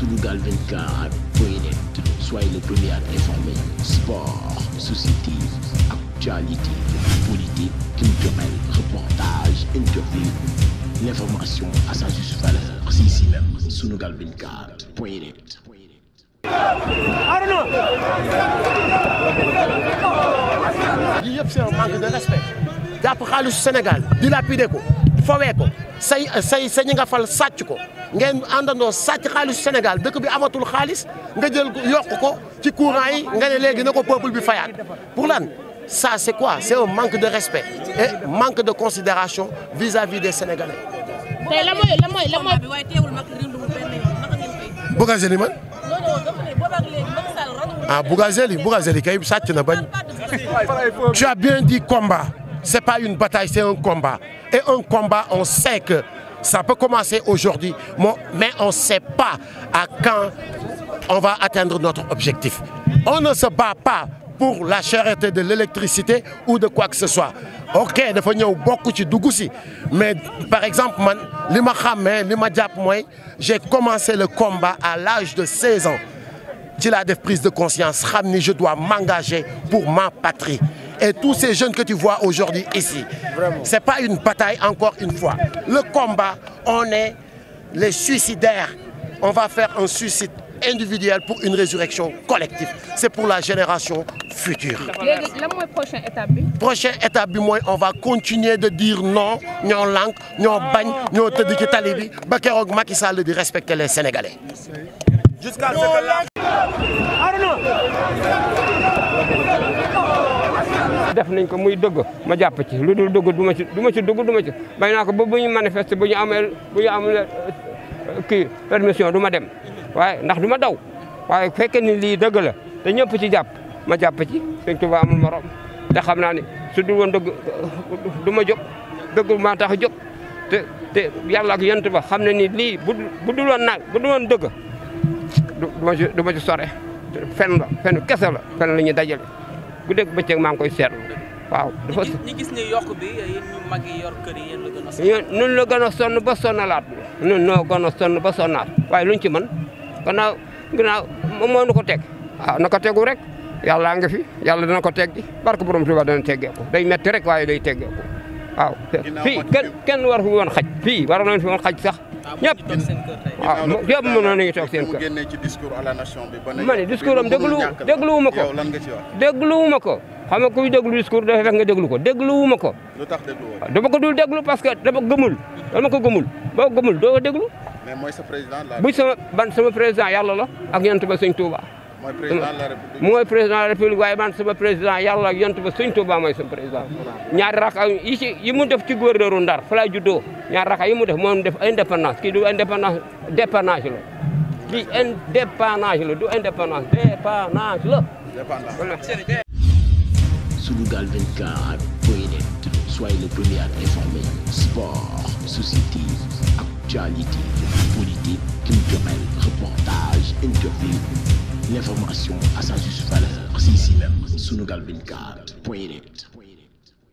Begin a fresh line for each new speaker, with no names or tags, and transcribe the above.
Sunugal 24 point net soyez le premier à être informé sport société actualité politique culturelle reportage interview l'information à sa juste valeur c'est ici même Sunugal 24 point net.
Arnaud. lii yëpp c'est un manque de respect. jàpp xaalisu Sénégal. dilapidé ko. fowee ko say say sa ñi nga fal sàcc ko ngeen àndandoo sàcc xaalisu Sénégal dëkk bi amatul xaalis nga jël yokk ko ci courant yi nga ne léegi na ko peuple bi fayaat pour lan ça c'est quoi c'est manque de respect et manque de considération vis-à-vis des Sénégalais.
tey la mooy man. non non
dama ne boobaag léegi sàcc na bañ. tu bien dit combat. c'est pas une bataille c'est un combat et un combat on sait que ça peut commencer aujourd'hui mais on sait pas à quand on va atteindre notre objectif on ne se bat pas pour la cherté de l'électricité ou de quoi que ce soit ok dafa ñëw bokk ci dugg si mais par exemple man li ma xàmmee li ma jàpp mooy j'ai commencé le combat à l'âge de saison ans ci laa def de conscience xam ni je dois m'engager pour ma patrie et tous ces jeunes que tu vois aujourd'hui ici. Ce n'est pas une bataille, encore une fois. Le combat, on est les suicidaires. On va faire un suicide individuel pour une résurrection collective. C'est pour la génération future. La prochaine étape Prochaine étape, on va continuer de dire non, non langue, non bagne, non tëdd ci tali bi ba keroog Macky Sall di respecter
les Sénégalais. def nañ ko muy dëgg ma jàpp ci lu dul dëgg du ma ci du ma ci dugg du ma ci bay naa ko ba bu ñu manifester bu ñu amee bu ñu amee euh, kii permission du ma dem waaye ndax du ma daw waaye fekkee ni lii dëgg la te ñëpp ci jàpp ma jàpp ci sëñ Tuubaa amul morom te xam naa ne su dul woon dëgg du ma dëgg maa tax a jóg te te yàlla ak yent ba xam ne ni lii bu bu dul woon naag bu dul woon dëgg du ci sore fen la fen kese la fen la ñu dajale guddeeg bëccëg maa ngi koy seetlu waaw. dafa ñu gis ne yokk bi yéen ñu mag yi yor kër yi yéen la gën a sonn. ñun la sonn ba noo gën a sonn ba waaye luñ ci mën gannaaw gannaaw moom moo nu ko teg waaw na ko tegu rek yàlla nga fi yàlla dana ko teggi barke borom Tuuba dana teggeeku day metti rek waaye day teggeeku waaw. fii kenn war fi woon xaj fii waroon nañ fi woon xaj sax. ñëpp waaw ah, ñëpp mënoon nañu toog seen kër
ma ne discours am déglu
dégluwu ma ko dégluwu ma ko xam nga kuy déglu discours dafa fekk nga déglu ko dégluwu ma ko dama ko dul déglu parce que dama gëmul dama ko gëmul boo gëmul doo déglu buñ sama ban sama président yàlla la ak yonent ba sëñ Tuuba mooy président la république mooy président waaye man sama président yàlla ak yont ba sëñ Touba mooy sama président. ñaari raka yi mu def ci góorgóorlu dar fa laa juddoo ñaari raka yi mu def moom def indépendance kii du indépendance dépendance la kii indépendance la du indépendance dépendance la.
l'information à sa juste valeur, c'est ici même, sunugal24.net